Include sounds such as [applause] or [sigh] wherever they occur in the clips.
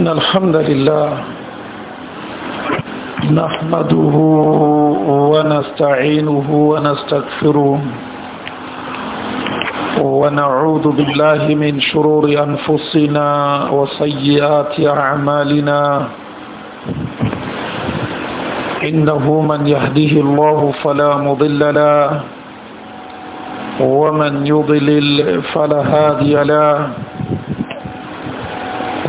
إن الحمد لله نحمده ونستعينه ونستغفره ونعوذ بالله من شرور أنفسنا وسيئات أعمالنا إنه من يهده الله فلا مضل له ومن يضلل فلا هادي له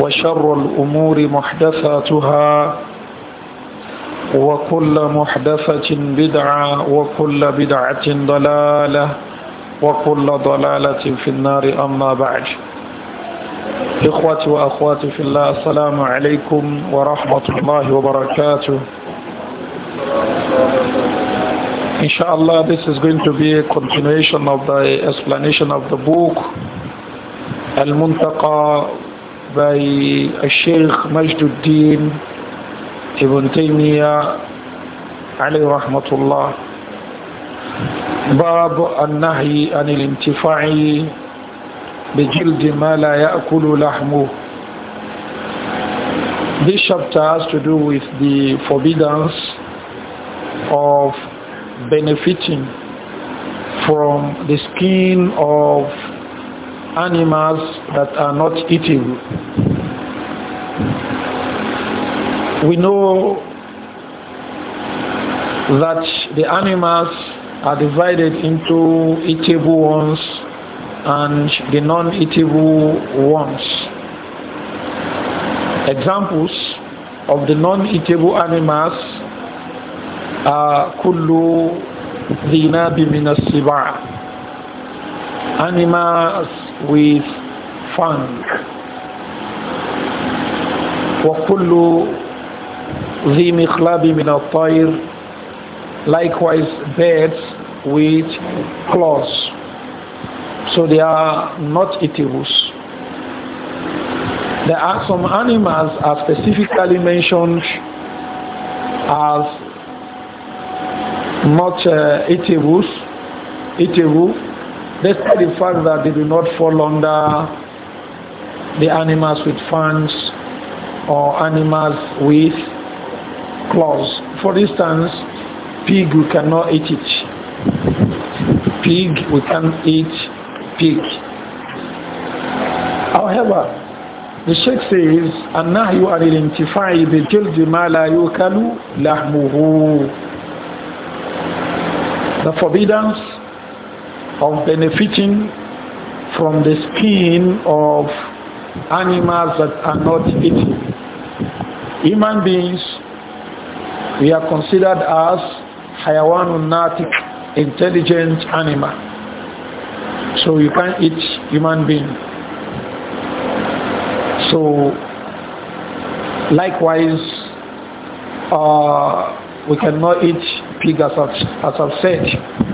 وشر الأمور محدثاتها وكل محدثة بدعة وكل بدعة ضلالة وكل ضلالة في النار أما بعد إخوتي وأخواتي في الله السلام عليكم ورحمة الله وبركاته Inshallah, this is going to be a continuation of the explanation of the book Al-Muntaqa by الشيخ مجد الدين ابن تيمية عليه رحمة الله باب النهي عن الانتفاع بجلد ما لا يأكل لحمه This chapter has to do with the forbiddance of benefiting from the skin of animals that are not eatable. We know that the animals are divided into eatable ones and the non-eatable ones. Examples of the non-eatable animals are kullu dhinabi min animals with fang. وَكُلُّ ذِي مِخْلَبِ مِنَ الطَّيْرِ Likewise birds with claws. So they are not itibus. There are some animals are specifically mentioned as not uh, Itibus. Despite the fact that they do not fall under the animals with fans or animals with claws. For instance, pig, we cannot eat it. Pig, we can't eat pig. However, the Sheikh says, النهي عن الانتفاع بجلد ما لا يؤكل لحمه. The forbiddance of benefiting from the skin of animals that are not eaten. Human beings, we are considered as hayawanun natik, intelligent animal. So you can't eat human being. So likewise, uh, we cannot eat pig as as I've said.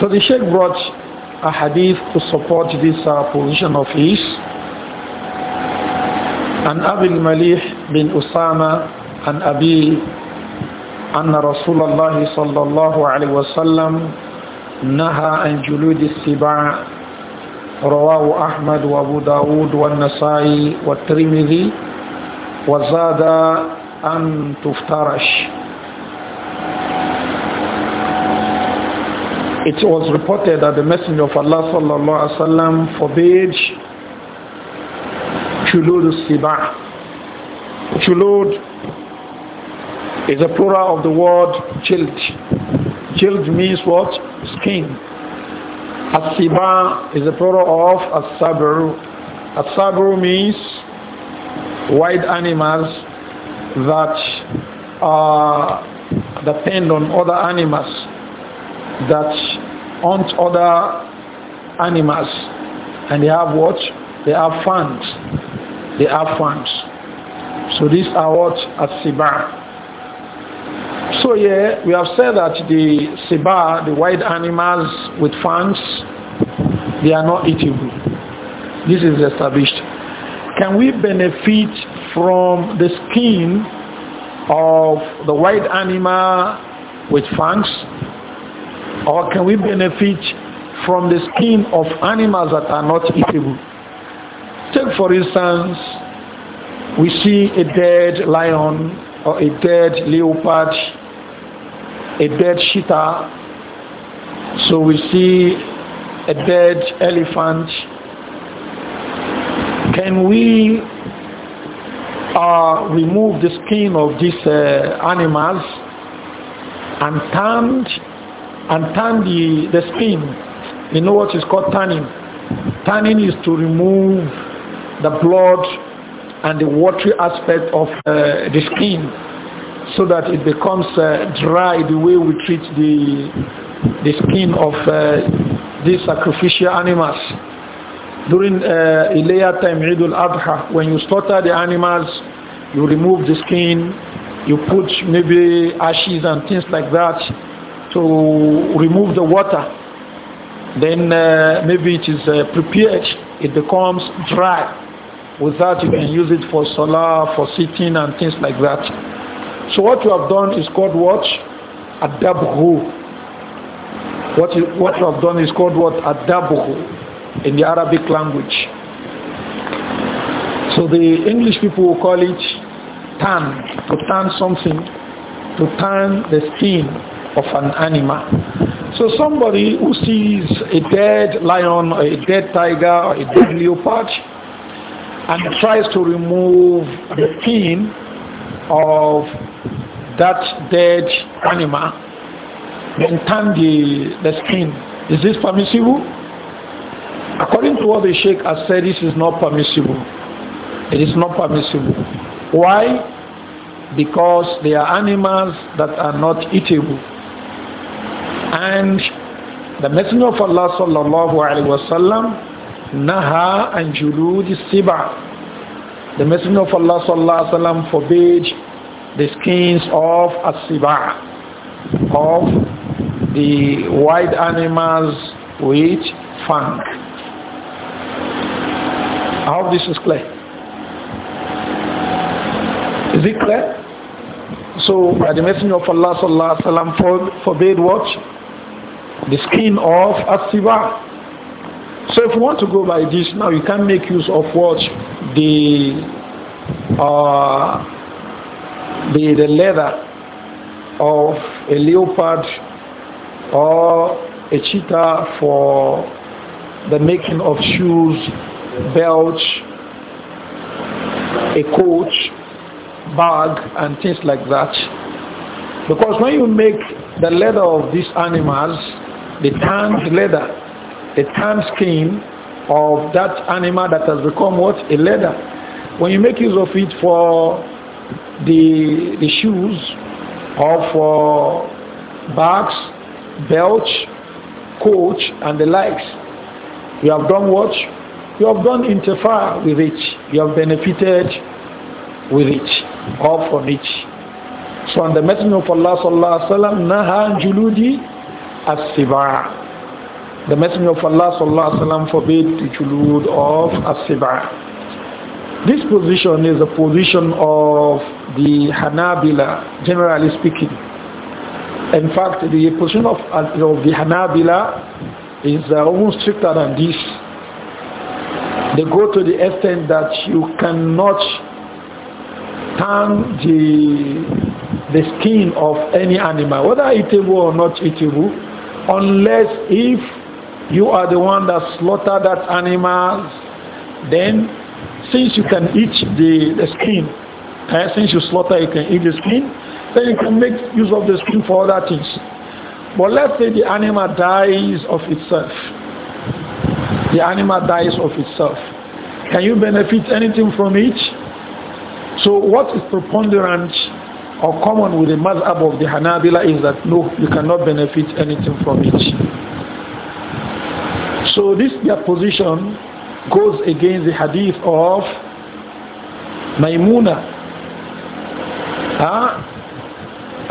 So the Sheikh brought a hadith to support this uh, position of his. عن أبي المليح بن أسامة عن أبي أن رسول الله صلى الله عليه وسلم نهى عن جلود السباع رواه أحمد وأبو داود والنسائي والترمذي وزاد أن تفترش It was reported that the Messenger of Allah sallallahu alaihi wasallam forbade chulud siba. Chulud is a plural of the word jild. Jild means what? Skin. as is a plural of as-sabr. means wild animals that are depend on other animals that hunt other animals. And they have what? They have fans. They have fans. So these are what? A siba. So yeah, we have said that the siba, the wild animals with fans, they are not eatable. This is established. Can we benefit from the skin of the wild animal with fangs? Or can we benefit from the skin of animals that are not eatable? Take for instance, we see a dead lion or a dead leopard, a dead cheetah. So we see a dead elephant. Can we uh, remove the skin of these uh, animals and turn and turn the, the skin. You know what is called tanning? Tanning is to remove the blood and the watery aspect of uh, the skin so that it becomes uh, dry the way we treat the, the skin of uh, these sacrificial animals. During uh, Ilayah time, Eid al-Adha, when you slaughter the animals, you remove the skin, you put maybe ashes and things like that to remove the water then uh, maybe it is uh, prepared it becomes dry with that you can use it for solar for sitting and things like that so what you have done is called what adabhu what you, what you have done is called what adabhu in the arabic language so the english people will call it tan to tan something to tan the skin of an animal. So somebody who sees a dead lion, or a dead tiger, or a dead leopard, and tries to remove the skin of that dead animal, then tan the, the skin. Is this permissible? According to what the Sheikh has said, this is not permissible. It is not permissible. Why? Because they are animals that are not eatable. And the Messenger of Allah sallallahu wa sallam naha and julud siba. The Messenger of Allah sallallahu wa sallam forbade the skins of a Siba. of the white animals which fang. I hope this is clear. Is it clear? So the Messenger of Allah sallallahu wa sallam forbade what? the skin of a Asiba. So if you want to go by this now, you can make use of what the uh, the, the leather of a leopard or a cheetah for the making of shoes, belts, a coach bag, and things like that. Because when you make the leather of these animals, the tanned leather, the tanned skin of that animal that has become what? A leather. When you make use of it for the, the shoes or for bags, belts, coach and the likes, you have done what? You have done interfere with it. You have benefited with it or from it. So and the Messenger of Allah sallallahu alaihi wasallam naha juludi as-siba. The Messenger of Allah sallallahu alaihi wasallam forbade the chulud of as-siba. This position is a position of the Hanabila, generally speaking. In fact, the position of, of the Hanabila is uh, almost stricter than this. They go to the extent that you cannot turn the the skin of any animal, whether eatable or not eatable, unless if you are the one that slaughtered that animal then since you can eat the, the skin eh, since you slaughter you can eat the skin then you can make use of the skin for other things but let's say the animal dies of itself the animal dies of itself can you benefit anything from it so what is preponderant or common with the madhab of the Hanabila is that no, you cannot benefit anything from it. So this their position goes against the hadith of Maimuna. Huh?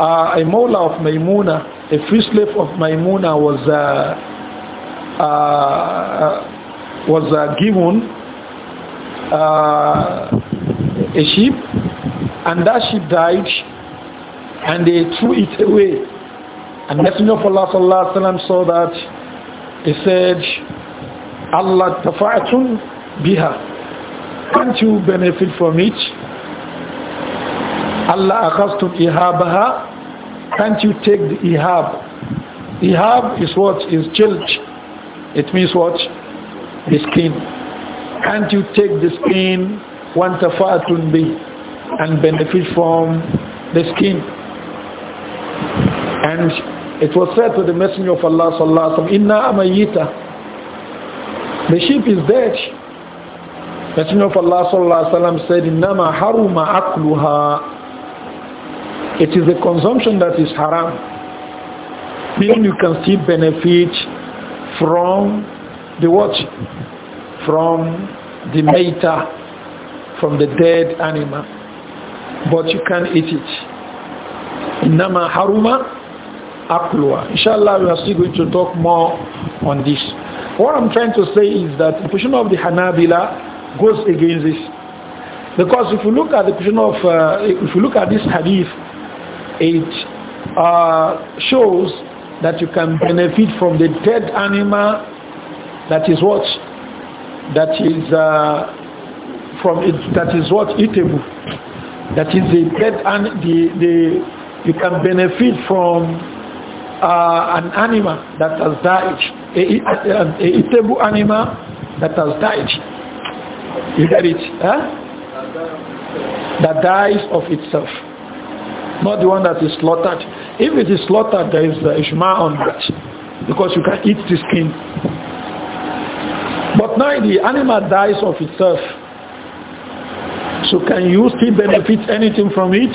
Ah, uh, ah, a mola of Maimuna, a free slave of Maimuna was uh, uh, was uh, given uh, a sheep and that sheep died and they threw it away. And Messenger of Allah sallallahu alaihi wasallam saw that. He said, Allah tafa'atun biha. Can't you benefit from it? Allah akhastum ihabaha. Can't you take the ihab? Ihab is what? Is jilj. It means what? The skin. Can't you take the skin? Wantafa'atun bi. And benefit from the skin. And it was said to the Messenger of Allah sallallahu alaihi wasallam, "Inna amayita." The sheep is dead. Messenger of Allah sallallahu alaihi wasallam said, "Innama haruma akluha." It is the consumption that is haram. Meaning you can still benefit from the what? From the meta, from the dead animal. But you can't eat it. Innama haruma Akulwa. Inshallah, we are still going to talk more on this. What I'm trying to say is that the position of the Hanabila goes against this. Because if you look at the position of, uh, if you look at this hadith, it uh, shows that you can benefit from the dead animal that is what? That is uh, from it, that is what? Eatable. That is the dead and the, the, you can benefit from uh, an animal that has died, a, a, a, animal that has died. You get it? Huh? That dies of itself. Not the one that is slaughtered. If it is slaughtered, there is a ishma on that. Because you can eat the skin. But now the animal dies of itself. So can you still benefit anything from it?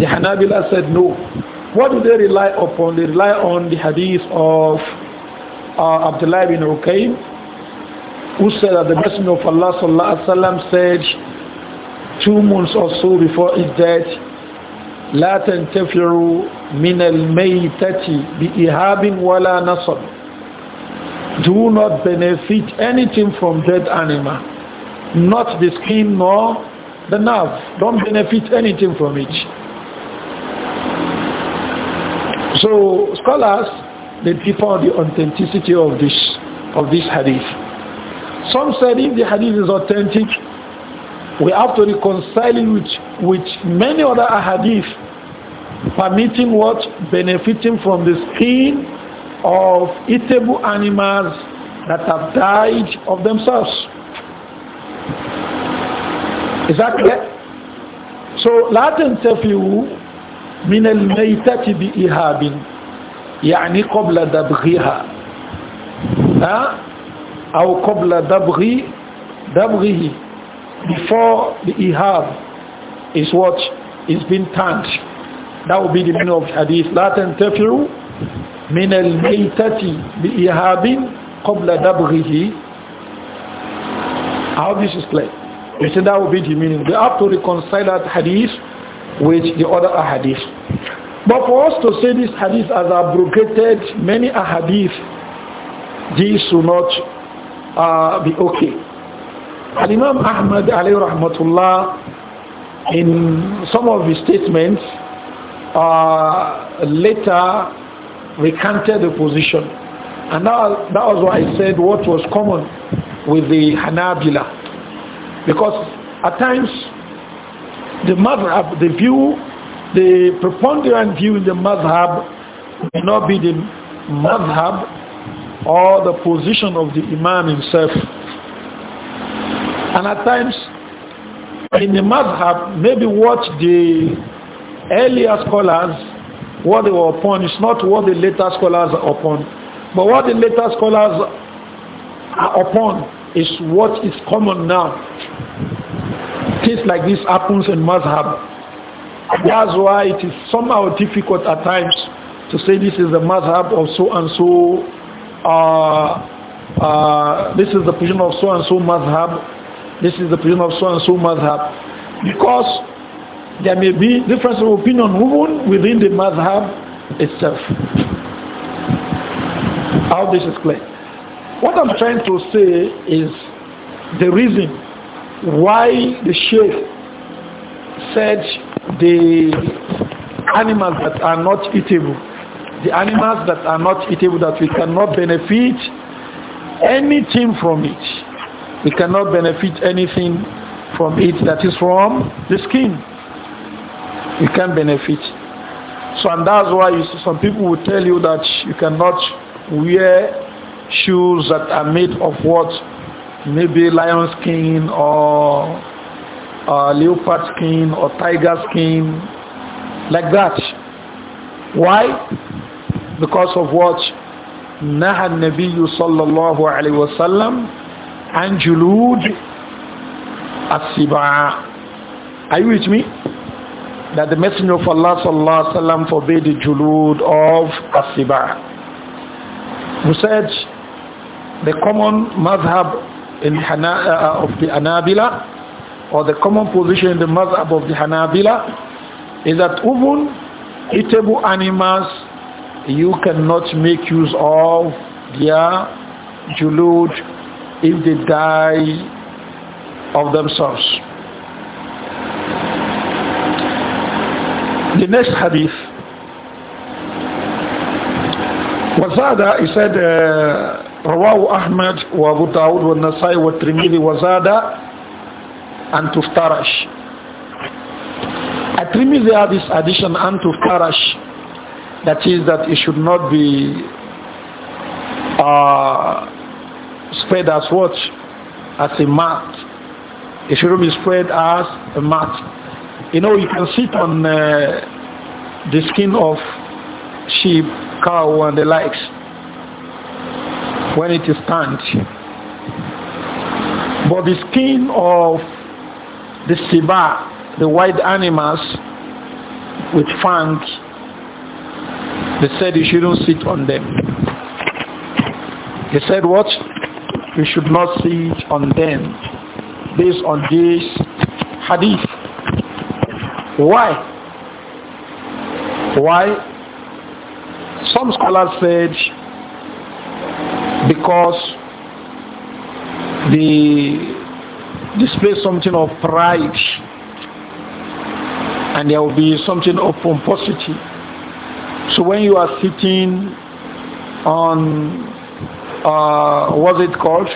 The Hanabila said no. What do they rely upon? They rely on the hadith of uh, Abdullah bin Uqaym, who said that the Messenger of Allah sallallahu alaihi wasallam said two months or so before his death, لا تنتفعوا من الميتة بإهاب ولا نصب do not benefit anything from dead animal, not the skin nor the nerve. Don't benefit anything from it. So scholars, they differ on the authenticity of this, of this hadith. Some said if the hadith is authentic, we have to reconcile it with, with many other hadith permitting what? Benefiting from the skin of eatable animals that have died of themselves. Is that clear? So, لا you. من الميتة بإهاب يعني قبل دبغها أو قبل دبغ دبغه before the ihab is what is being turned that will be the meaning of hadith لا تنتفعوا من الميتة بإهاب قبل دبغه how this is clear we say that will be the meaning we have to reconcile that hadith with the other hadith but for us to say this hadith as abrogated many a hadith, this will not uh, be okay. Imam Ahmad alayhi rahmatullah in some of his statements uh, later recanted the position. And that, that was why I said what was common with the Hanabila. Because at times the madhab, the view the preponderant view in the madhab may not be the madhab or the position of the imam himself. And at times, in the madhab, maybe what the earlier scholars, what they were upon, is not what the later scholars are upon. But what the later scholars are upon is what is common now. Things like this happens in madhab. That's why it is somehow difficult at times to say this is the madhab of so and so, uh, uh, this is the position of so and so madhab, this is the position of so and so madhab. Because there may be difference of opinion even within the madhab itself. How this is clear. What I'm trying to say is the reason why the Sheikh said the animals that are not eatable. The animals that are not eatable that we cannot benefit anything from it. We cannot benefit anything from it that is from the skin. We can benefit. So and that's why some people will tell you that you cannot wear shoes that are made of what? Maybe lion skin or uh, leopard skin or tiger skin, like that. Why? Because of what? نهى النبي صلى الله عليه وسلم عن جلود السباع. Are you with me? That the Messenger of Allah sallallahu alaihi wasallam forbade the julud of السباع. We said the common madhab in Hana, uh, of the Anabila or the common position in the mazhab of the Hanabila is that even eatable animals you cannot make use of their julud if they die of themselves. The next hadith وزاد he said رواه أحمد وأبو داود والنسائي والترمذي وزاد and tuftarash. At Tirmidhi they have this addition and tuftarash, that is that it should not be uh, spread as what? As a mat. It shouldn't be spread as a mat. You know, you can sit on uh, the skin of sheep, cow and the likes when it is tanned. But the skin of the siba, the wild animals with fangs, they said you shouldn't sit on them. They said what? You should not sit on them based on this hadith. Why? Why? Some scholars said because the display something of pride and there will be something of pomposity. So when you are sitting on, uh, what's it called?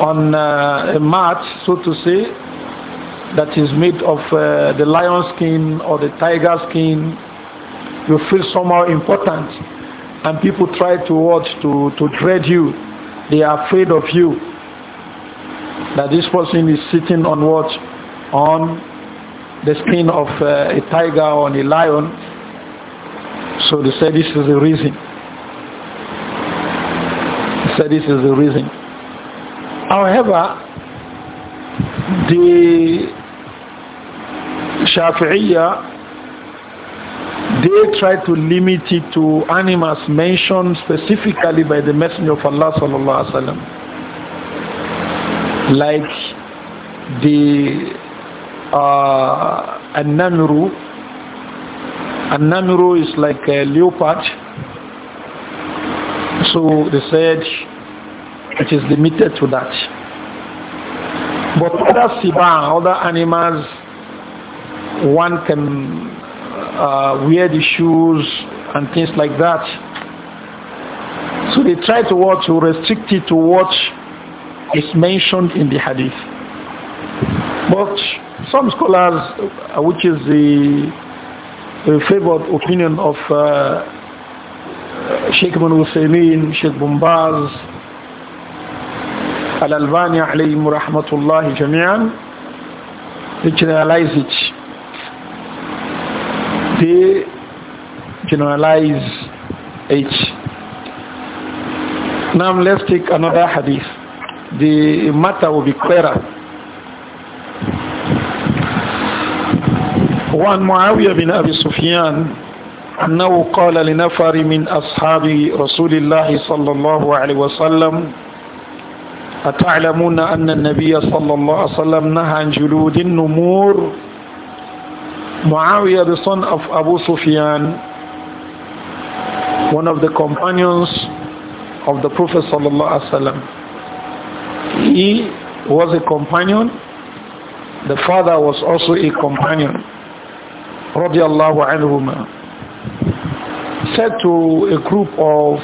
On uh, a mat, so to say, that is made of uh, the lion skin or the tiger skin, you feel somehow important. And people try to watch, to, to dread you. They are afraid of you that this person is sitting on what? On the skin of uh, a tiger or a lion. So they say this is the reason. They say this is the reason. However, the Shafi'iyah they try to limit it to animals mentioned specifically by the Messenger of Allah sallallahu alaihi wasallam like the uh, Anamiru. is like a leopard. So they said it is limited to that. But other siba, other animals, one can uh, wear the shoes and things like that. So they try to watch, to restrict it to watch is mentioned in the hadith. But some scholars, uh, which is the, the favored opinion of uh, Sheikh Ibn Uthaymeen, Sheikh Bumbaz, Al-Albani alayhim rahmatullahi jami'an, they generalize it. They generalize it. Now let's take another hadith. the matter will be clearer. وعن معاوية بن أبي سفيان أنه قال لنفر من أصحاب رسول الله صلى الله عليه وسلم أتعلمون أن النبي صلى الله عليه وسلم نهى عن جلود النمور معاوية the son of Abu Sufyan one of the companions of the Prophet صلى الله عليه وسلم He was a companion. The father was also a companion. Radiallahu anhuma. Said to a group of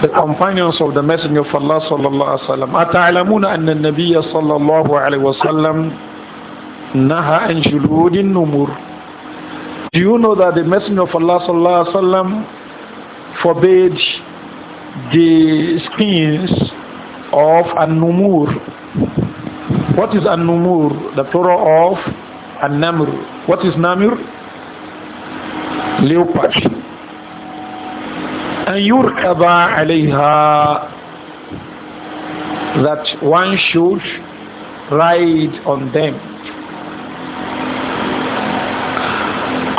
the companions of the Messenger of Allah sallallahu alaihi wasallam, أتعلمون أن النبي صلى الله عليه وسلم نهى عن جلود النمور do you know that the Messenger of Allah sallallahu alaihi wasallam forbade the skins of An-Numur. What is An-Numur? The plural of An-Namr. What is Namir? Leopard. And yurkaba alayha that one should ride on them.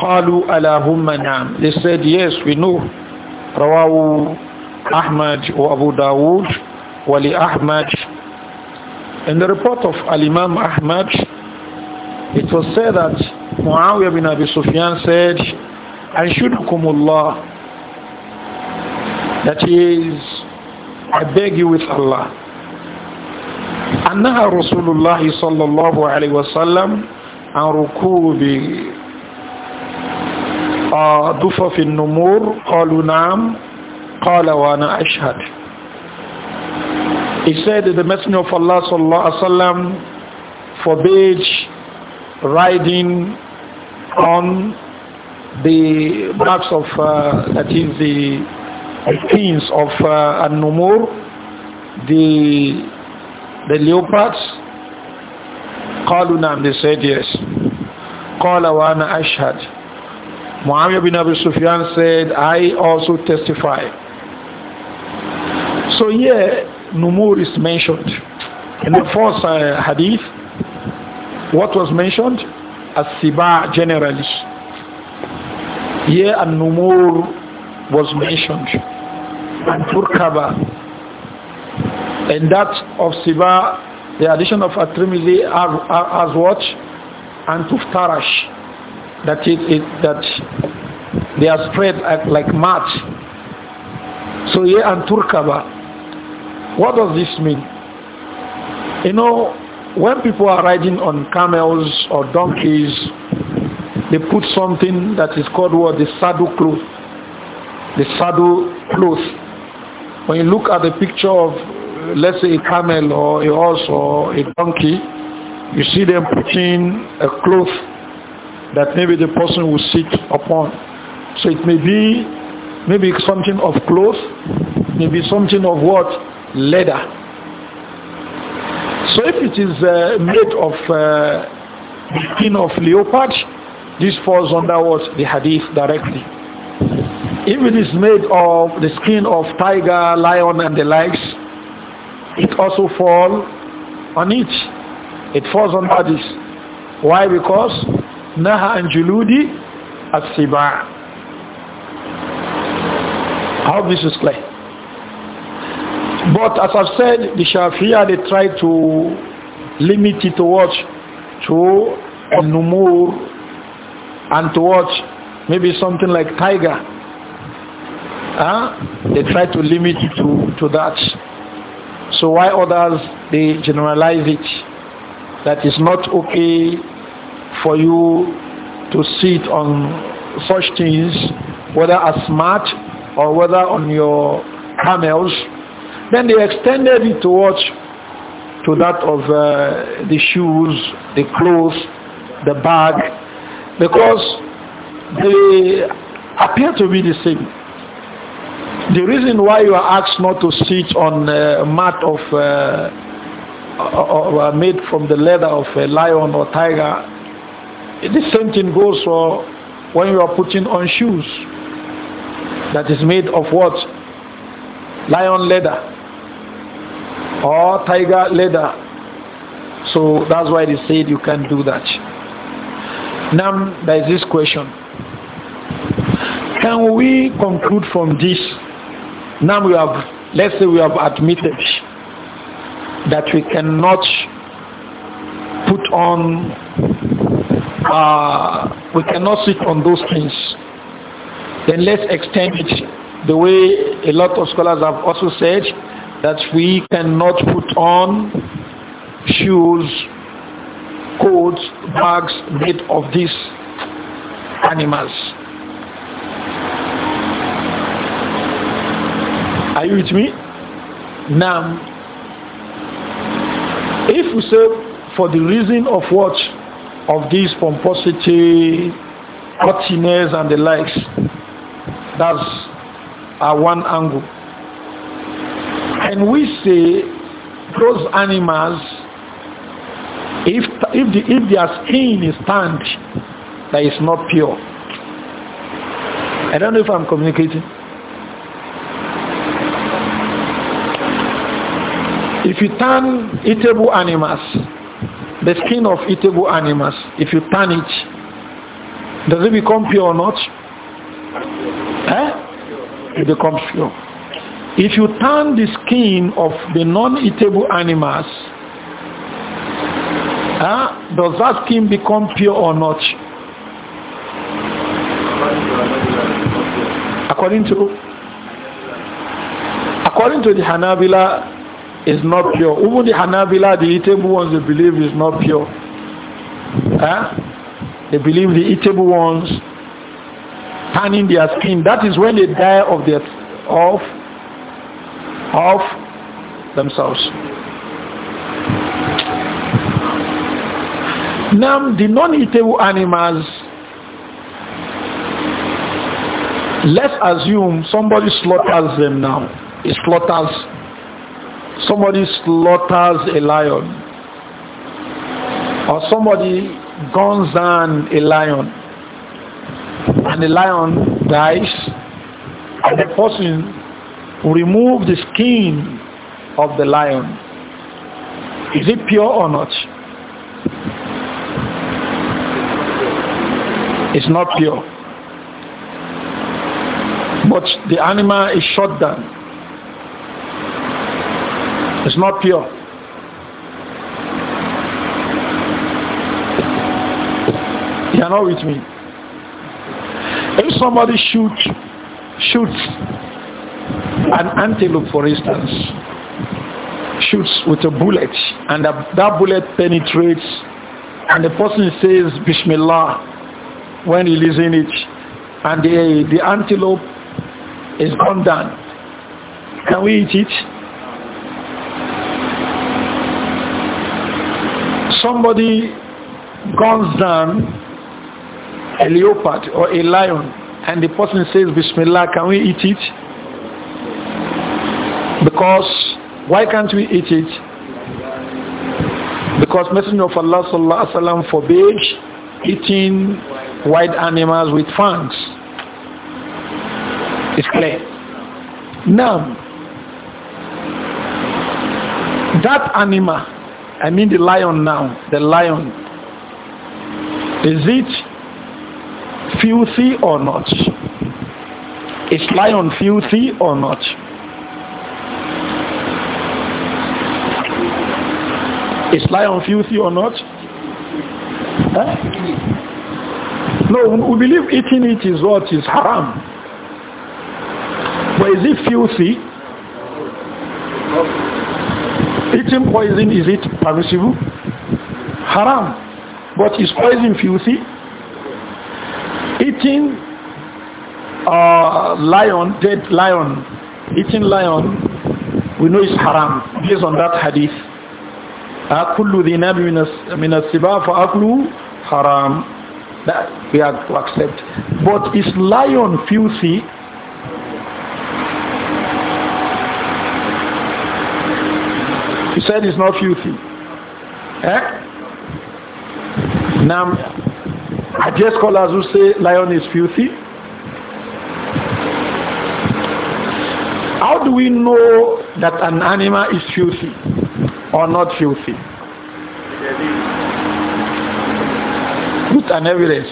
قالوا ألاهم نعم they said yes we know رواه أحمد وأبو داود ولأحمد In the report of Al-Imam Ahmad, it was said that Muawiyah bin Abi Sufyan said, Anshudukumullah, that is, I beg you with Allah. أنها رسول الله صلى الله عليه وسلم عن ركوب ضفف النمور قالوا نعم قال وأنا أشهد He said that the Messenger of Allah sallallahu alaihi wasallam forbade riding on the backs of uh, that is the skins of uh, an-numur, the the leopards. قالوا نعم they said yes. قال وأنا أشهد Muawiya bin Abi Sufyan said, I also testify. So here, yeah, numur is mentioned. In the first uh, hadith, what was mentioned? As-siba generally. Here an-numur was mentioned. And turkaba. And that of siba, the addition of at as what? And tuftarash. That it, it, that they are spread like, like So here and turkaba. What does this mean? You know, when people are riding on camels or donkeys, they put something that is called what the saddle cloth. The saddle cloth. When you look at the picture of, let's say, a camel or a horse or a donkey, you see them putting a cloth that maybe the person will sit upon. So it may be maybe something of cloth, maybe something of what leather. So if it is uh, made of uh, skin of leopard, this falls under what the hadith directly. If it is made of the skin of tiger, lion and the likes, it also falls on it. It falls on this. Why? Because Naha and Juludi as How this is clear. But as I've said, the Shafi'ah they try to limit it to watch To Numur and to watch maybe something like Tiger. Huh? They try to limit it to, to that. So why others they generalize it that it's not okay for you to sit on such things whether as smart or whether on your camels then they extended it towards To that of uh, the shoes, the clothes, the bag, because they appear to be the same. The reason why you are asked not to sit on a mat of uh, made from the leather of a lion or tiger, the same thing goes for when you are putting on shoes that is made of what? Lion leather or oh, tiger leather. So that's why they said you can do that. Now there is this question. Can we conclude from this? Now we have, let's say we have admitted that we cannot put on, uh, we cannot sit on those things. Then let's extend it the way a lot of scholars have also said that we cannot put on shoes, coats, bags made of these animals. Are you with me? Now, if we say for the reason of what of this pomposity, haughtiness and the likes, that's uh, one angle. And we say those animals, if, if, the, if their skin is tanned, that is not pure. I don't know if I'm communicating. If you tan eatable animals, the skin of eatable animals, if you tan it, does it become pure or not? Eh? It becomes pure. If you turn the skin of the non-eatable animals, does that skin become pure or not? According to according to the Hanabila, is not pure. Even the Hanabila, the eatable ones, they believe is not pure. Huh? They believe the eatable ones turning their skin. That is when they die of their of of themselves. Now, the non-eatable animals, let's assume somebody slaughters them now. He slaughters, somebody slaughters a lion, or somebody guns down a lion, and the lion dies, and the person remove the skin of the lion. Is it pure or not? It's not pure. But the animal is shot down. It's not pure. You are not with me. If somebody shoots shoots an antelope, for instance, shoots with a bullet and that bullet penetrates and the person says Bismillah when releasing it and the, the antelope is gone down. Can we eat it? Somebody guns down a leopard or a lion and the person says Bismillah, can we eat it? Because why can't we eat it? Because Messenger of Allah sallallahu alaihi wasallam forbade eating wild animals with fangs. It's clear. Now, that animal, I mean the lion now, the lion, is it filthy or not? Is lion filthy or not? Is lion filthy or not? Huh? No, we believe eating it is what is haram. But is it filthy? Eating poison, is it permissible? Haram. But is poison filthy? Eating uh, lion, dead lion, eating lion, we know it's haram based on that hadith. كل ذي ناب من السباع فأكله haram. That we have to accept. But is lion filthy? He said it's not filthy. Eh? Now, I just call as you say lion is filthy. How do we know that an animal is filthy? or not filthy? With an evidence.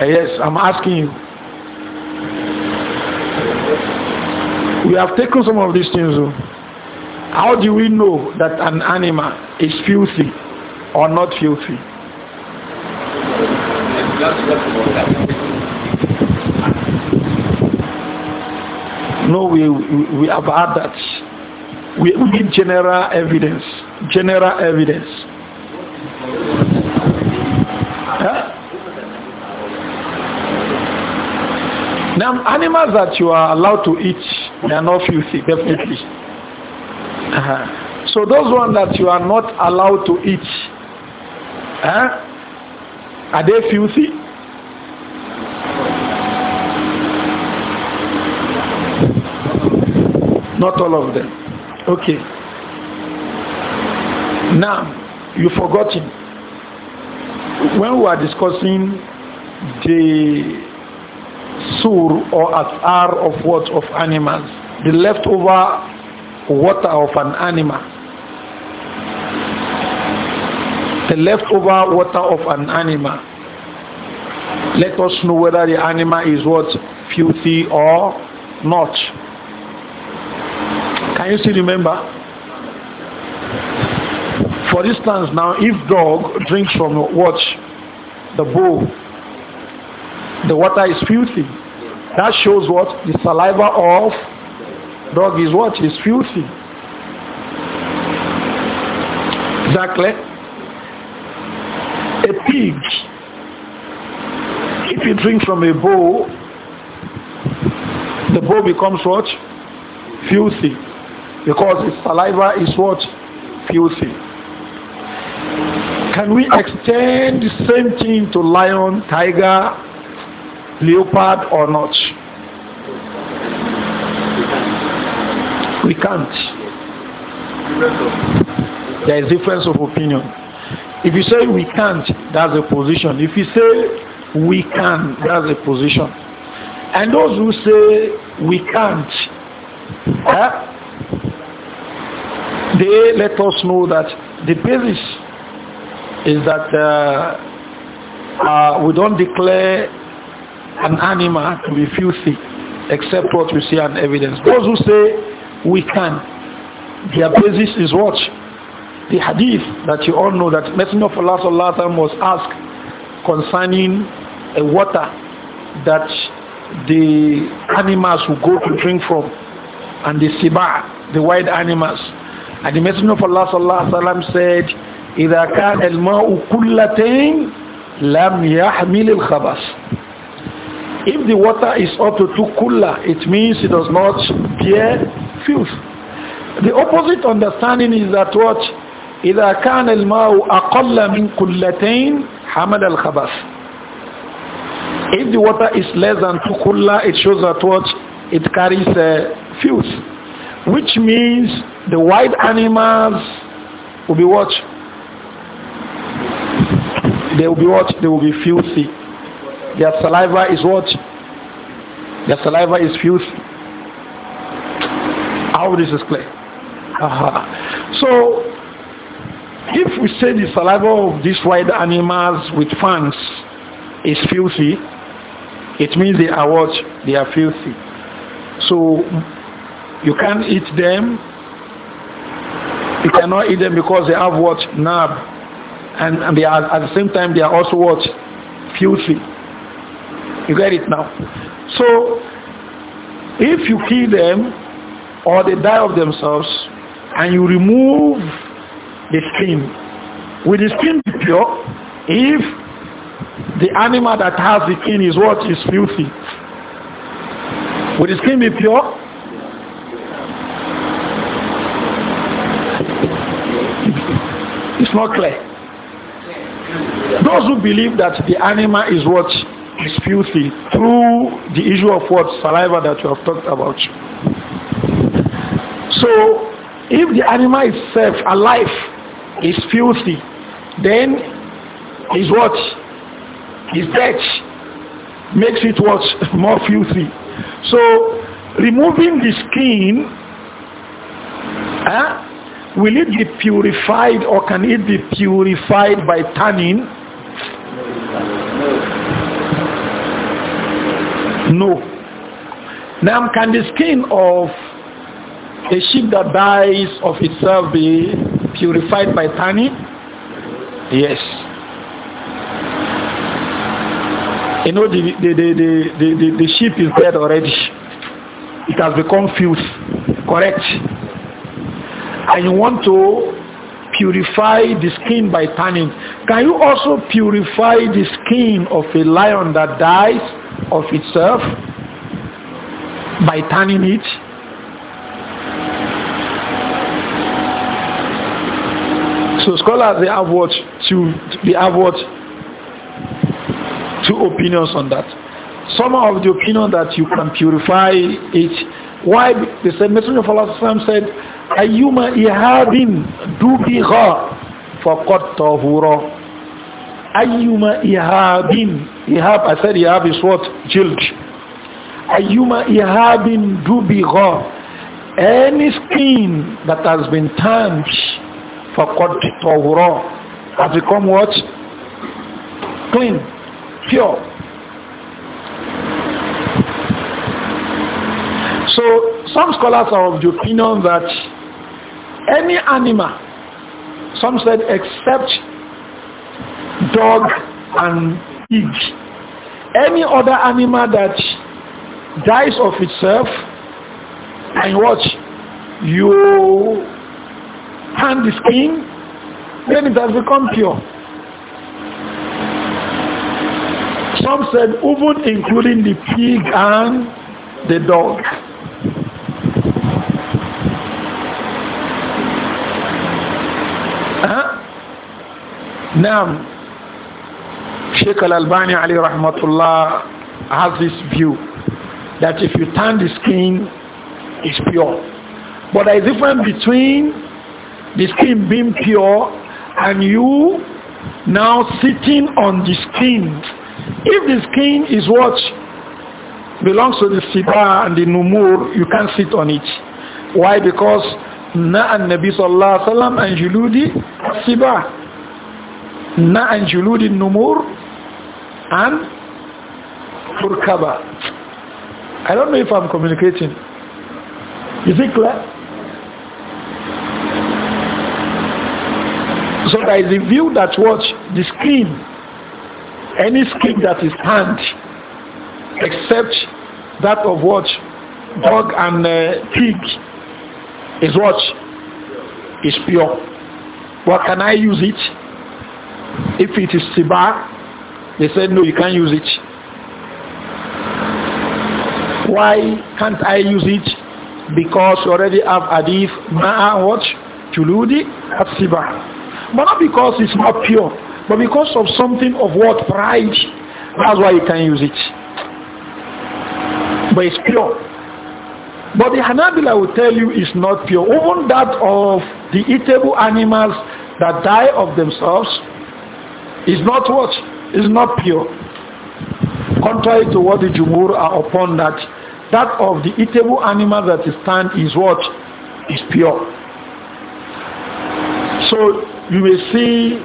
Eh, yes, I'm asking you. We have taken some of these things. Oh. How do we know that an animal is filthy or not filthy? No, we, we, we have had that we need general evidence. General evidence. Huh? Now, animals that you are allowed to eat, they are not filthy, definitely. Uh -huh. So those ones that you are not allowed to eat, huh? are they filthy? Not all of them. Okay. Now, you've forgotten. When we are discussing the sur or ar of what? Of animals. The leftover water of an animal. The leftover water of an animal. Let us know whether the animal is what? Filthy or not. Can you still remember? For instance, now if dog drinks from watch the bowl, the water is filthy. That shows what the saliva of dog is what is filthy. Exactly. A pig, if he drinks from a bowl, the bowl becomes what? Filthy because his saliva is what? Filthy. Can we extend the same thing to lion, tiger, leopard or not? We can't. There is difference of opinion. If you say we can't, that's a position. If you say we can, that's a position. And those who say we can't, eh, they let us know that the basis is that uh, uh, we don't declare an animal to be filthy except what we see on evidence. Those who say we can, their basis is what? The hadith that you all know that Messenger of Allah sallallahu was asked concerning a water that the animals will go to drink from and the siba, the wild animals. And the Messenger of Allah sallallahu wa sallam said, إذا كان الماء كلتين لم يحمل الخبث. If the water is up to two kulla, it means it does not bear filth. The opposite understanding is that what? إذا كان الماء أقل من كلتين حمل الخبث. If the water is less than two kulla, it shows that what? It carries uh, filth. Which means the wild animals will be what? They will be what? They will be filthy. Their saliva is what? Their saliva is filthy. How this is clear. Uh -huh. So, if we say the saliva of these wild animals with fangs is filthy, it means they are what? They are filthy. So, you can't eat them you cannot eat them because they have what? Nab. And, and they are, at the same time, they are also what? Filthy. You get it now? So, if you kill them, or they die of themselves, and you remove the skin, will the skin be pure? If the animal that has the skin is what? Is filthy. Will the skin be pure? It's not clear. Those who believe that the animal is what is filthy through the issue of what saliva that you have talked about. So if the animal itself alive is filthy, then is what is dead makes it what [laughs] more filthy. So removing the skin eh, Will it be purified or can it be purified by tanning? No. Now can the skin of a sheep that dies of itself be purified by tanning? Yes. You know the, the, the, the, the, the sheep is dead already. It has become filth. Correct and you want to purify the skin by tanning, can you also purify the skin of a lion that dies of itself by tanning it? So scholars, they have what? Two, they have what? Two opinions on that. Some of the opinion that you can purify it. Why? They said, Messenger of Allah said, ayyuma ihabin dubigha faqad tahura ayyuma ihabin ihab I said ihab is what jilt ayyuma ihabin dubigha any skin that has been tanned faqad tahura has become what clean pure so some scholars are of the opinion that any animal, some said except dog and pig, any other animal that dies of itself and watch, you hand the skin, then it has become pure. Some said even including the pig and the dog. Now, Sheikh Al-Albani Ali Rahmatullah has this view that if you turn the skin, it's pure. But there is a difference between the skin being pure and you now sitting on the skin. If the skin is what belongs to the siba and the numur, you can't sit on it. Why? Because na an Nabi sallallahu alaihi wasallam and juludi siba. عن جلود numur عن تركبة I don't know if I'm communicating Is it clear? So there is a view that watch the skin, any skin that is hand, except that of what dog and uh, pig is what is pure. What can I use it? If it is Siba, they said, no, you can't use it. Why can't I use it? Because you already have Adif, Ma'a, what? tuludi at Siba. But not because it's not pure, but because of something of what? Pride. That's why you can not use it. But it's pure. But the Hanabila will tell you it's not pure. Even that of the eatable animals that die of themselves, is not what? Is not pure. Contrary to what the Jumhur are upon that, that of the eatable animal that is tanned is what? Is pure. So you may see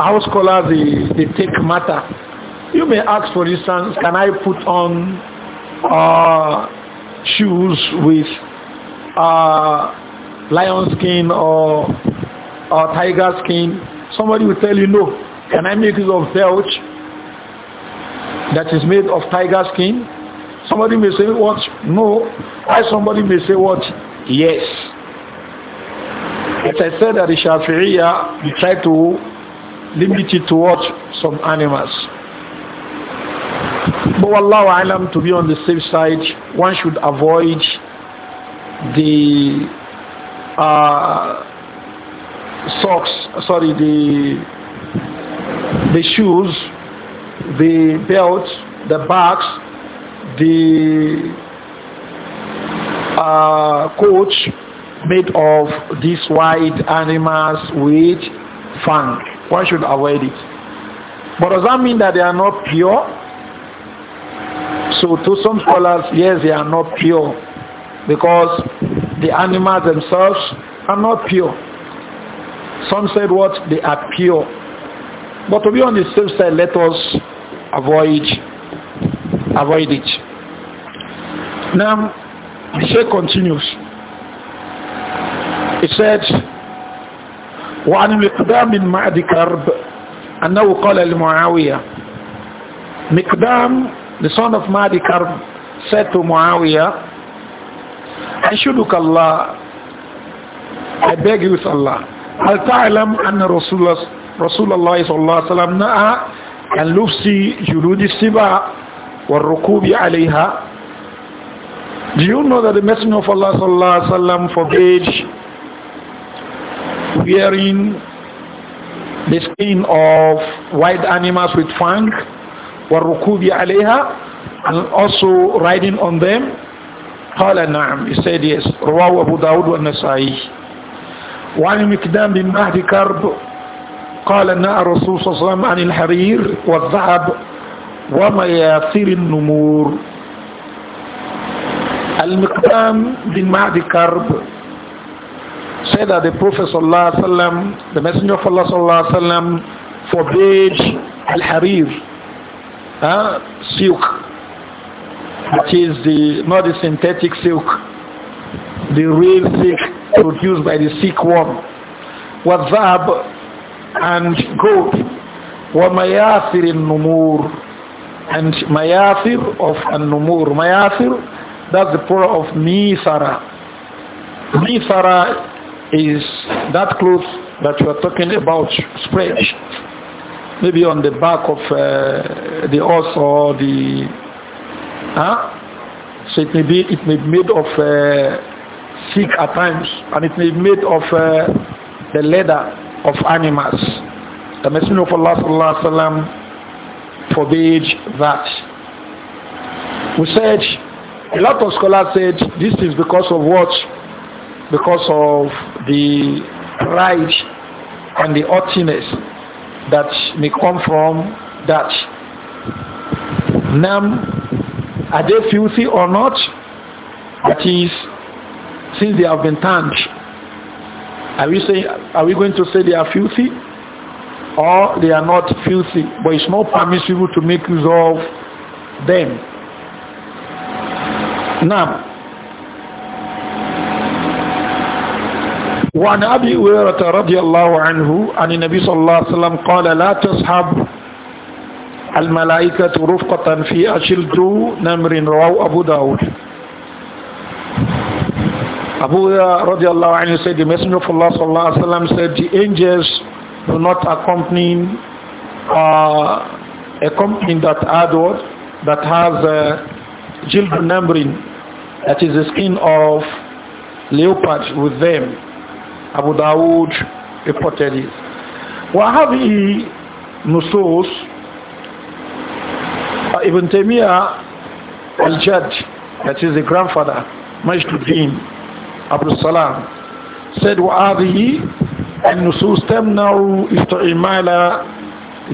how scholars they, they take matter. You may ask, for instance, can I put on uh, shoes with uh, lion skin or, or tiger skin? Somebody will tell you, no, can I make use of felch that is made of tiger skin? Somebody may say, what? No. Why somebody may say, what? Yes. As I said that the Shafi'iyah, we try to limit it to what? Some animals. But Allah Alam, to be on the safe side, one should avoid the uh, socks, sorry, the, the shoes, the belt, the box, the uh, made of these white animals with fang. One should avoid it. But does that mean that they are not pure? So to some scholars, yes, they are not pure because the animals themselves are not pure. Some said what? They are pure. But to be on the safe side, let us avoid avoid it. Now, the Sheikh continues. He said, وعن مقدام من معد كرب أنه قال لمعاوية مقدام the son of Mahdi Karb said to Muawiyah أشهدك الله I beg you with Allah هل تعلم أن رسول, رسول الله صلى الله عليه وسلم نأى عن لبس جلود السباع والركوب عليها Do you know that the Messenger of Allah صلى الله عليه وسلم forbade wearing the skin of wild animals with fang والركوب عليها and also riding on them قال نعم he said yes رواه أبو داود والنسائي وعن مكدام بن مهد كرب قال ان الرسول صلى الله عليه وسلم عن الحرير والذهب ومياثر النمور المقدام بن معد كرب said that the Prophet صلى الله عليه وسلم the messenger of Allah صلى الله عليه وسلم forbade الحرير huh? silk which is the not the synthetic silk the real silk produced by the one. wasab and gold, wa in numur and mayathir of an-numur. Mayathir, that's the plural of mithara. Mithara is that cloth that you are talking about spread maybe on the back of uh, the horse or the huh? so it may be it may be made of uh, thick at times and it may be made of uh, the leather of animals. The Messenger of Allah sallallahu alaihi wasallam forbade that. We said, a lot of scholars said this is because of what? Because of the pride and the haughtiness that may come from that. Nam, are they filthy or not? That is since they have been turned. Are we, say, are we going to say they are filthy? Or they are not filthy, but it's not permissible to make use of them. Now, وعن أبي هريرة رضي الله عنه عن النبي صلى الله عليه وسلم قال لا تصحب الملائكة رفقة في أشلت نمر رواه أبو داود Abu radiallahu anhu said, the Messenger of Allah sallallahu alaihi wasallam said, the angels do not accompany uh, a company that adult That has a jilbun membrane, that is the skin of leopard with them. Abu Dawood reported it. وهذه نصوص ابن تيمية judge that is the grandfather Majduddin Abdul Salam said وَهَذِهِ النصوص تمنع استعمال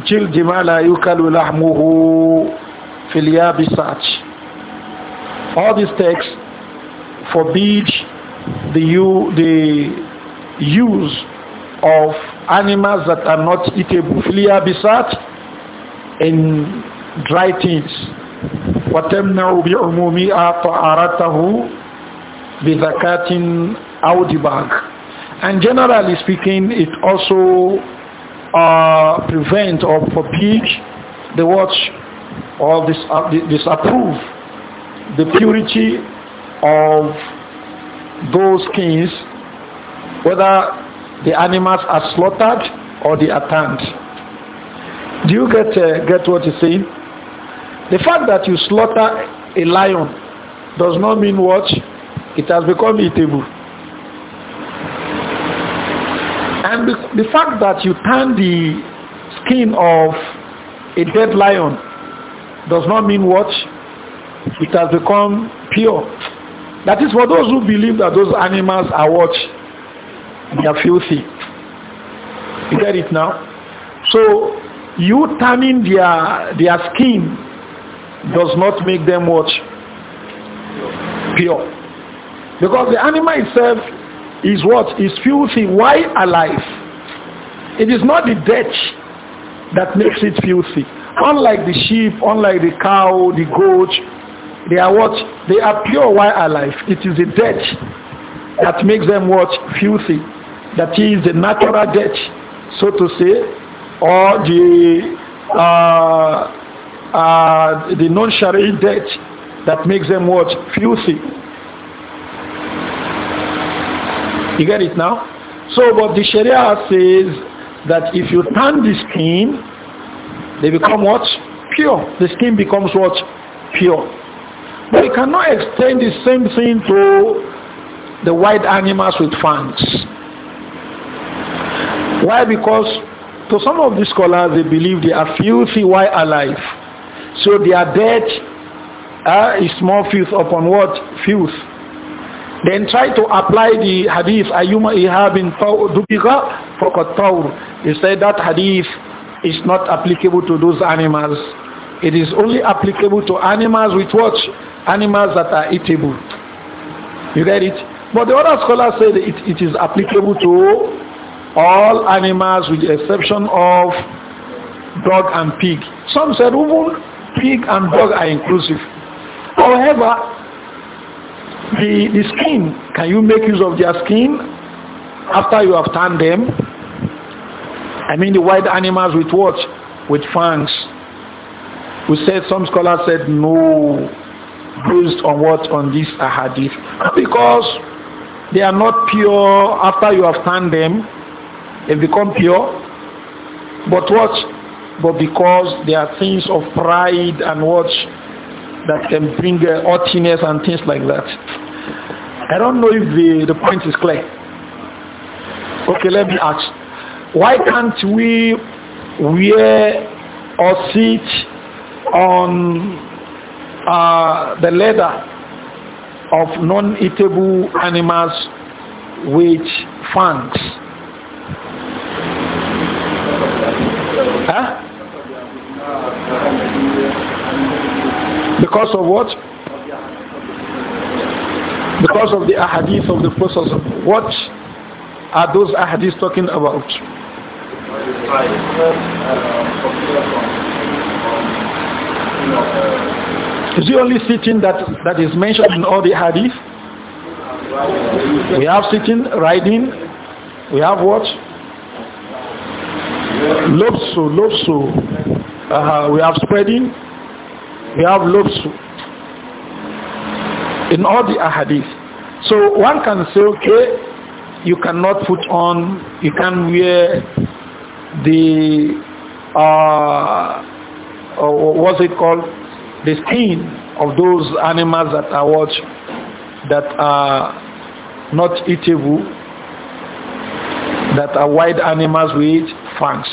جلد ما لا يكل لحمه في اليابسات all these texts forbid the, the use of animals that are not eatable bisat in dry things وتمنع بعمومها طهارته بِذَكَاتٍ أَوْدِبَاغ and generally speaking, it also uh, prevent or forbid the watch or dis uh, disapprove the purity of those kings, whether the animals are slaughtered or they are Do you get uh, get what you saying? The fact that you slaughter a lion does not mean what it has become eatable. And the, the fact that you turn the skin of a dead lion does not mean what? It has become pure. That is for those who believe that those animals are what? They are filthy. You get it now? So you turning their, their skin does not make them what? Pure. Because the animal itself is what? Is filthy. Why alive? It is not the death that makes it filthy. Unlike the sheep, unlike the cow, the goat, they are what? They are pure while alive. It is the death that makes them what? Filthy. That is the natural death, so to say, or the uh, uh, the non sharia death that makes them what? Filthy. You get it now? So, but the Sharia says that if you turn the skin, they become what? Pure. The skin becomes what? Pure. But you cannot extend the same thing to the white animals with fangs. Why? Because to some of the scholars, they believe they are filthy while alive. So their death uh, is more filth upon what? Filth. Then try to apply the hadith, Ayuma Ihabin Dubiga Fakat He said that hadith is not applicable to those animals. It is only applicable to animals with what? Animals that are eatable. You get it? But the other scholar said it, it is applicable to all animals with the exception of dog and pig. Some said even pig and dog are inclusive. However, the, the skin, can you make use of their skin after you have tanned them? I mean the wild animals with what? With fangs. We said some scholars said no based on what on this ahadith because they are not pure after you have tanned them they become pure but what but because there are things of pride and what that can bring uh, haughtiness and things like that I don't know if the, the point is clear. Okay, let me ask. Why can't we wear or sit on uh, the leather of non-eatable animals with fangs. Huh? Because of what? because of the ahadith of the process, What are those ahadith talking about? Is the only sitting that, that is mentioned in all the hadith? We have sitting, riding, we have what? Lobsu, lobsu. Uh, we have spreading, we have lobsu in all the ahadith. So one can say, okay, you cannot put on, you can wear the, uh, uh, what's it called, the skin of those animals that are what, that are not eatable, that are wild animals we eat, fangs.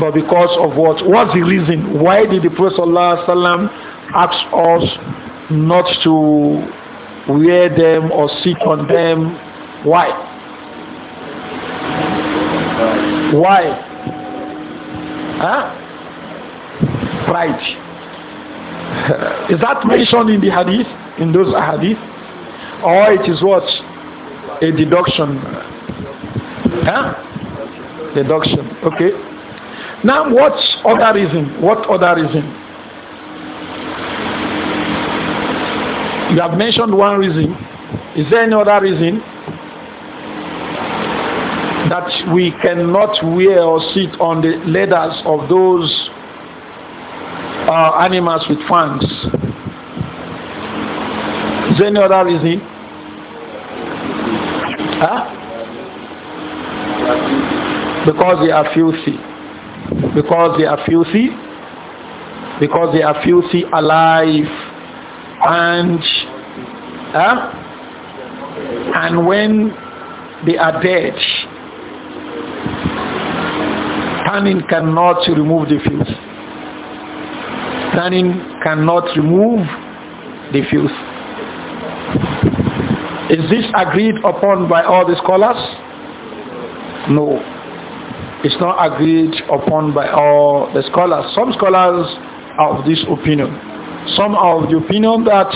But because of what? What's the reason? Why did the Prophet ﷺ ask us not to wear them or sit on them. Why? Why? Huh? Pride. [laughs] is that mentioned in the hadith, in those hadith? Or it is what? A deduction. Huh? Deduction. Okay. Now what other reason? What other reason? You have mentioned one reason. Is there any other reason that we cannot wear or sit on the leathers of those uh, animals with fangs? Is there any other reason? Huh? Because they are filthy. Because they are filthy. Because they are filthy alive and Huh? And when they are dead, tanning cannot remove the fuse. Tanning cannot remove the fuse. Is this agreed upon by all the scholars? No. It's not agreed upon by all the scholars. Some scholars are of this opinion. Some are of the opinion that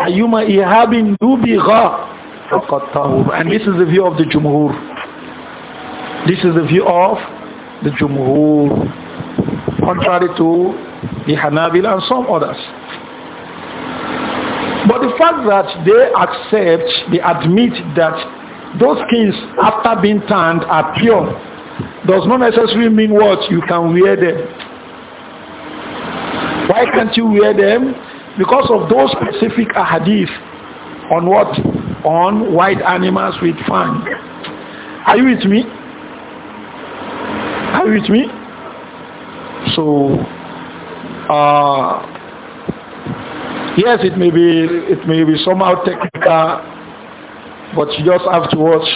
Ayuma ihabin dubigha and this is the view of the Jumhur. This is the view of the Jumhur, contrary to the Hanabil and some others. But the fact that they accept, they admit that those skins after being tanned are pure does not necessarily mean what you can wear them. Why can't you wear them? because of those specific hadith on what? On white animals with fang. Are you with me? Are you with me? So, uh, yes, it may be it may be somehow technical, but you just have to watch.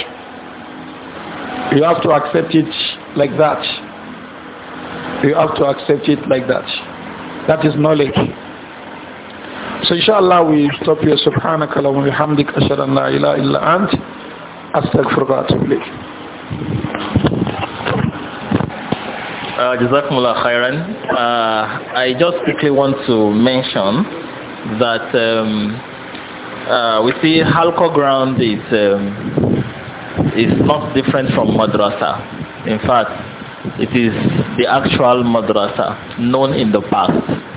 You have to accept it like that. You have to accept it like that. That is knowledge. So inshallah we stop here. سبحانك اللهم Ashhadu أشهد أن لا إله إلا أنت أستغفرك وأتوب إليك. Uh, Jazakumullah khairan. Uh, I just quickly want to mention that um, uh, we see Halko ground is um, is not different from madrasa. In fact, it is the actual madrasa known in the past.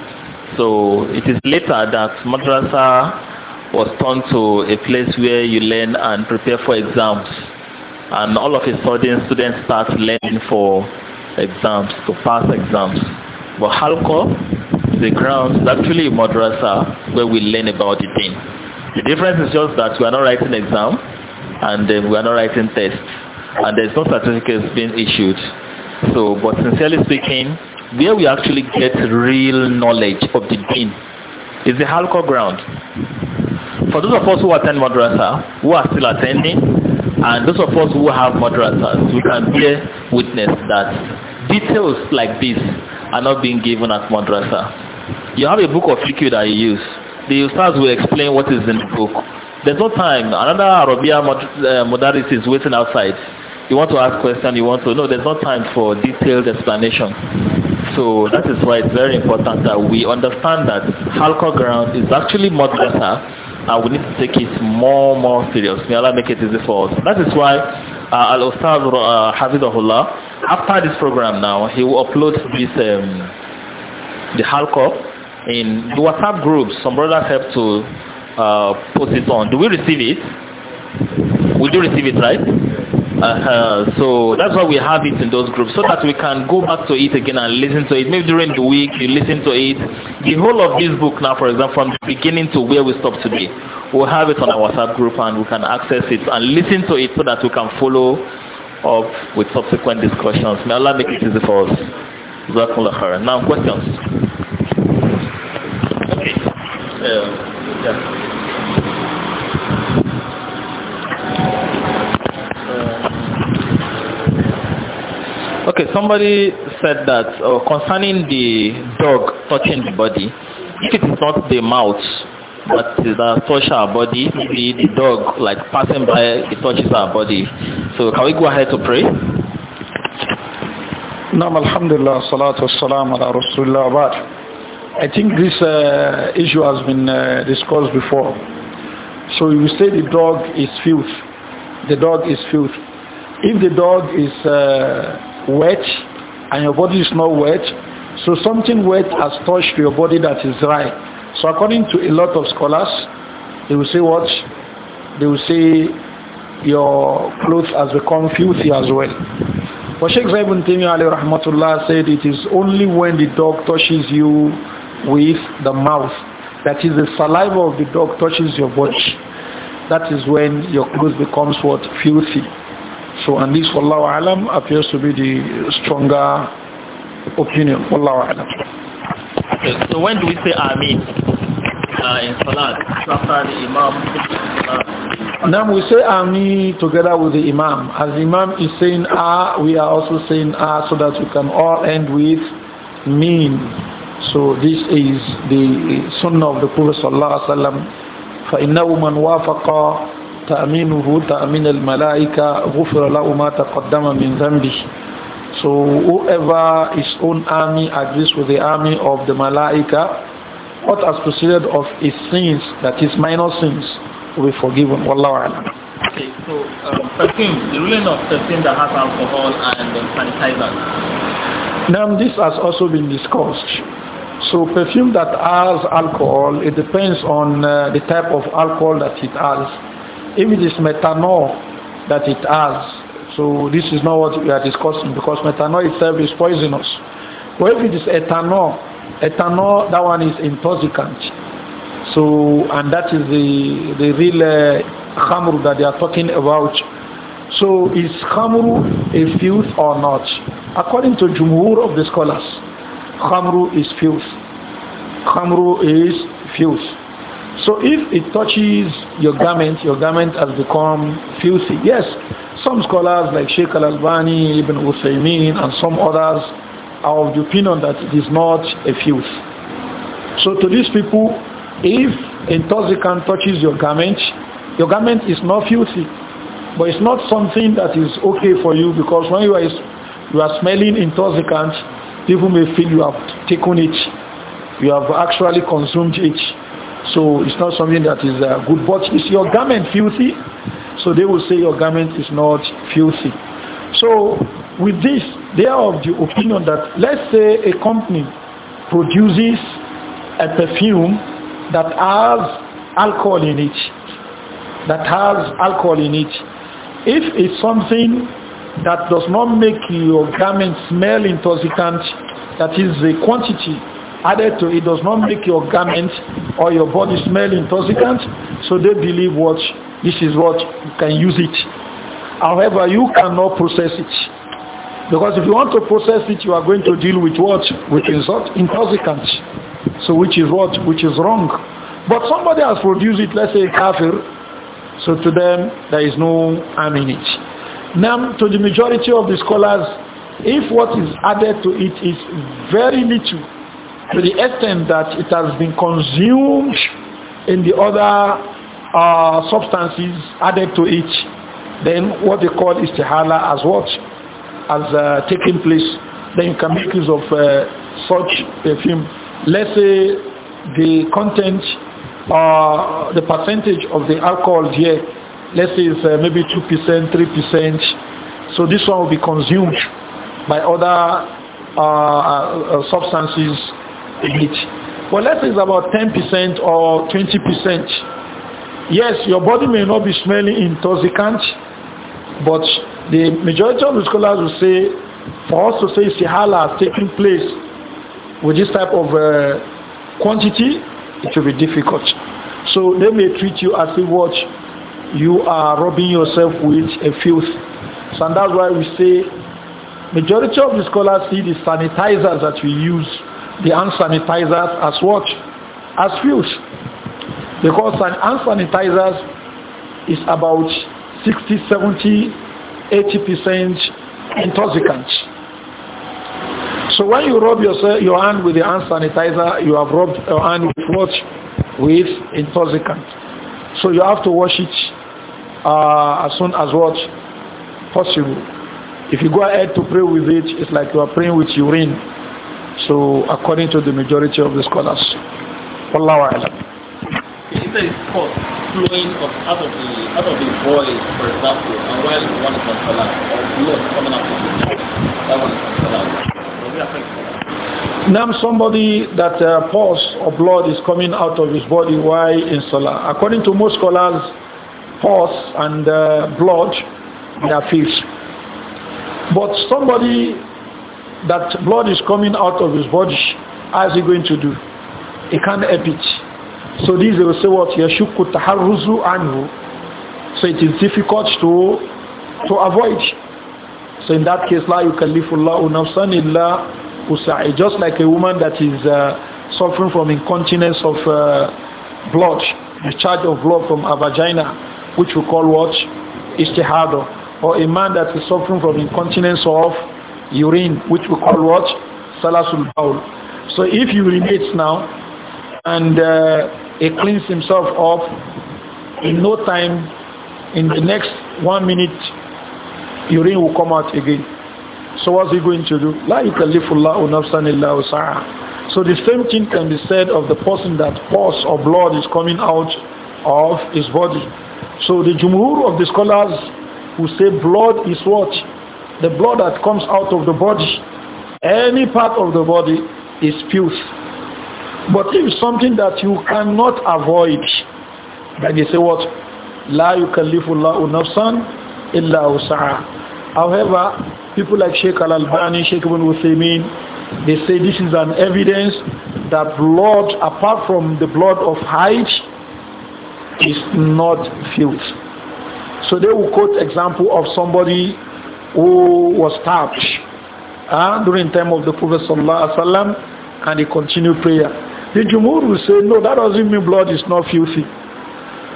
So it is later that madrasa was turned to a place where you learn and prepare for exams. And all of a sudden students start learning for exams, to pass exams. But Halqa, the ground is actually madrasa where we learn about the thing. The difference is just that we are not writing exam and we are not writing tests. And there's no certificates being issued. So, but sincerely speaking, where we actually get real knowledge of the deen is the halqa ground. For those of us who attend madrasa, who are still attending, and those of us who have madrasas, we can bear witness that details like this are not being given at madrasa. You have a book of fiqh that you use. The ustaz will explain what is in the book. There's no time. Another Arabia uh, eh, modaris is waiting outside. You want to ask question, you want to know. There's no time for detailed explanation. So that is why it's very important that we understand that halqa ground is actually much better and we need to take it more more serious. May Allah make it easy for us. That is why uh, Al-Ustaz uh, Hafidahullah, after this program now, he will upload this, um, the halqa in the WhatsApp groups. Some brothers have to uh, post it on. Do we receive it? We do receive it, right? uh So that's why we have it in those groups, so that we can go back to it again and listen to it. Maybe during the week you listen to it. The whole of this book now, for example, from the beginning to where we stop today, we'll have it on our WhatsApp group and we can access it and listen to it so that we can follow up with subsequent discussions. May Allah make it easy for us. Now questions. Okay. Uh, yeah. Okay, somebody said that uh, concerning the dog touching the body, if it is not the mouth but the touch our body, the dog like passing by, it touches our body. So can we go ahead to pray? Nam alhamdulillah, salatu wassalam ala rasulullah abad. I think this uh, issue has been uh, discussed before. So you say the dog is filth. The dog is filth. If the dog is uh, wet and your body is not wet. So something wet has touched your body that is dry. So according to a lot of scholars, they will say what? They will say your clothes has become filthy as well. But Sheikh Zayd ibn Taymiyyah rahmatullah said it is only when the dog touches you with the mouth, that is the saliva of the dog touches your body, that is when your clothes becomes what? Filthy. So, and this, Wallahu Alam, appears to be the stronger opinion. Wallahu Alam. Okay, so when do we say Ameen uh, in Salat? After the Imam? Now we say "ami" together with the Imam. As Imam is saying Ah, we are also saying Ah so that we can all end with Mean. So this is the Sunnah of the Prophet Sallallahu Alaihi Wasallam. فإنه من وافق تأمينه تأمين الملائكة غفر له ما تقدم من ذنبه so whoever his own army agrees with the army of the malaika what has proceeded of his sins that his minor sins will be forgiven wallahu alam okay so um, perfume the ruling of perfume that has alcohol and um, sanitizer now this has also been discussed so perfume that has alcohol, it depends on uh, the type of alcohol that it has. If it is methanol that it has, so this is not what we are discussing because methanol itself is poisonous. But if it is ethanol, ethanol, that one is intoxicant. So, and that is the, the real uh, that they are talking about. So, is khamru a filth or not? According to Jumhur of the scholars, khamru is filth. Khamru is filth. So if it touches your garment, your garment has become filthy. Yes, some scholars like Sheikh Al-Albani, Ibn Uthaymeen and some others are of the opinion that it is not a filth. So to these people, if intoxicant touches your garment, your garment is not filthy. But it's not something that is okay for you because when you are, you are smelling intoxicant, people may feel you have taken it. You have actually consumed it. So it's not something that is uh, good. But is your garment filthy? So they will say your garment is not filthy. So with this, they are of the opinion that let's say a company produces a perfume that has alcohol in it. That has alcohol in it. If it's something that does not make your garment smell intoxicant, that is the quantity added to it does not make your garments or your body smell intoxicant. So they believe what this is what you can use it. However, you cannot process it. Because if you want to process it, you are going to deal with what? With insult, intoxicant. So which is what? Which is wrong. But somebody has produced it, let's say kafir. So to them, there is no harm in it. Now, to the majority of the scholars, if what is added to it is very little, to the extent that it has been consumed in the other uh, substances added to it, then what they call istihala as what? As uh, taking place. Then you can make use of uh, such perfume. Let's say the content or uh, the percentage of the alcohol here, let's say it's uh, maybe 2%, 3%. So this one will be consumed by other uh, uh, substances in it. But let's say it's about 10% or 20%. Yes, your body may not be smelling intoxicant, but the majority of the scholars will say, for us to say sihala taking place with this type of uh, quantity, it will be difficult. So they may treat you as if what you are rubbing yourself with a filth. So and that's why we say majority of the scholars see the sanitizers that we use the hand sanitizers as what? As fuels. Because hand sanitizers is about 60, 70, 80% intoxicant. So when you rub yourself, your hand with the hand sanitizer, you have rubbed your hand with what? With intoxicant. So you have to wash it uh, as soon as what? Possible. If you go ahead to pray with it, it's like you are praying with urine. So according to the majority of the scholars. Wallahu a'lam. Is there thought flowing of, out, of the, out of the voice, for example, and while one is on salah, or blood coming out of the that one is on salah? Does it affect Now somebody that uh, pus or blood is coming out of his body while in salah. According to most scholars, pus and uh, blood they are fish. But somebody that blood is coming out of his body, how is he going to do? He can't help it. So these will say what? يَشُكُّ haruzu عَنْهُ So it is difficult to, to avoid. So in that case, la يكلف الله نفسا إلا Just like a woman that is uh, suffering from incontinence of uh, blood, discharge of blood from her vagina, which we call what? Istihado. Or a man that is suffering from incontinence of urine, which we call what? Salasul Baul. So if he urinates now and uh, he cleans himself up, in no time, in the next one minute, urine will come out again. So what's he going to do? لا يكلف الله So the same thing can be said of the person that pus or blood is coming out of his body. So the jumhur of the scholars who say blood is what? the blood that comes out of the body, any part of the body is filth. But if something that you cannot avoid, like they say what? La yukallifullahu nafsan illa usaha. However, people like Sheikh Al-Albani, Sheikh Ibn Uthaymeen, they say this is an evidence that blood, apart from the blood of Hajj, is not filth. So they will quote example of somebody who was stabbed uh, during time of the Prophet sallallahu alaihi wasallam, and he continued prayer. The Jumhur will say, no, that doesn't mean blood is not filthy.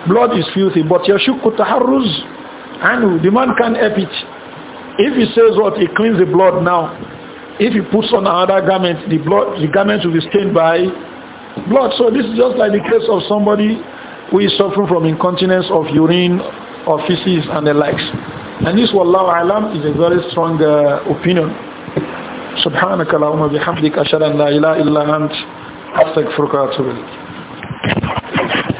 Blood is filthy, but yashuku taharruz anu, the man can help it. If he says what, he cleans the blood now. If he puts on another garment, the blood, the garment will be stained by blood. So this is just like the case of somebody who is suffering from incontinence of urine or feces and the likes. And this, wallahu alam, is a very strong uh, opinion. سبحانك اللهم بحمدك أشهد أن لا إله إلا أنت أستغفرك وأتوب إليك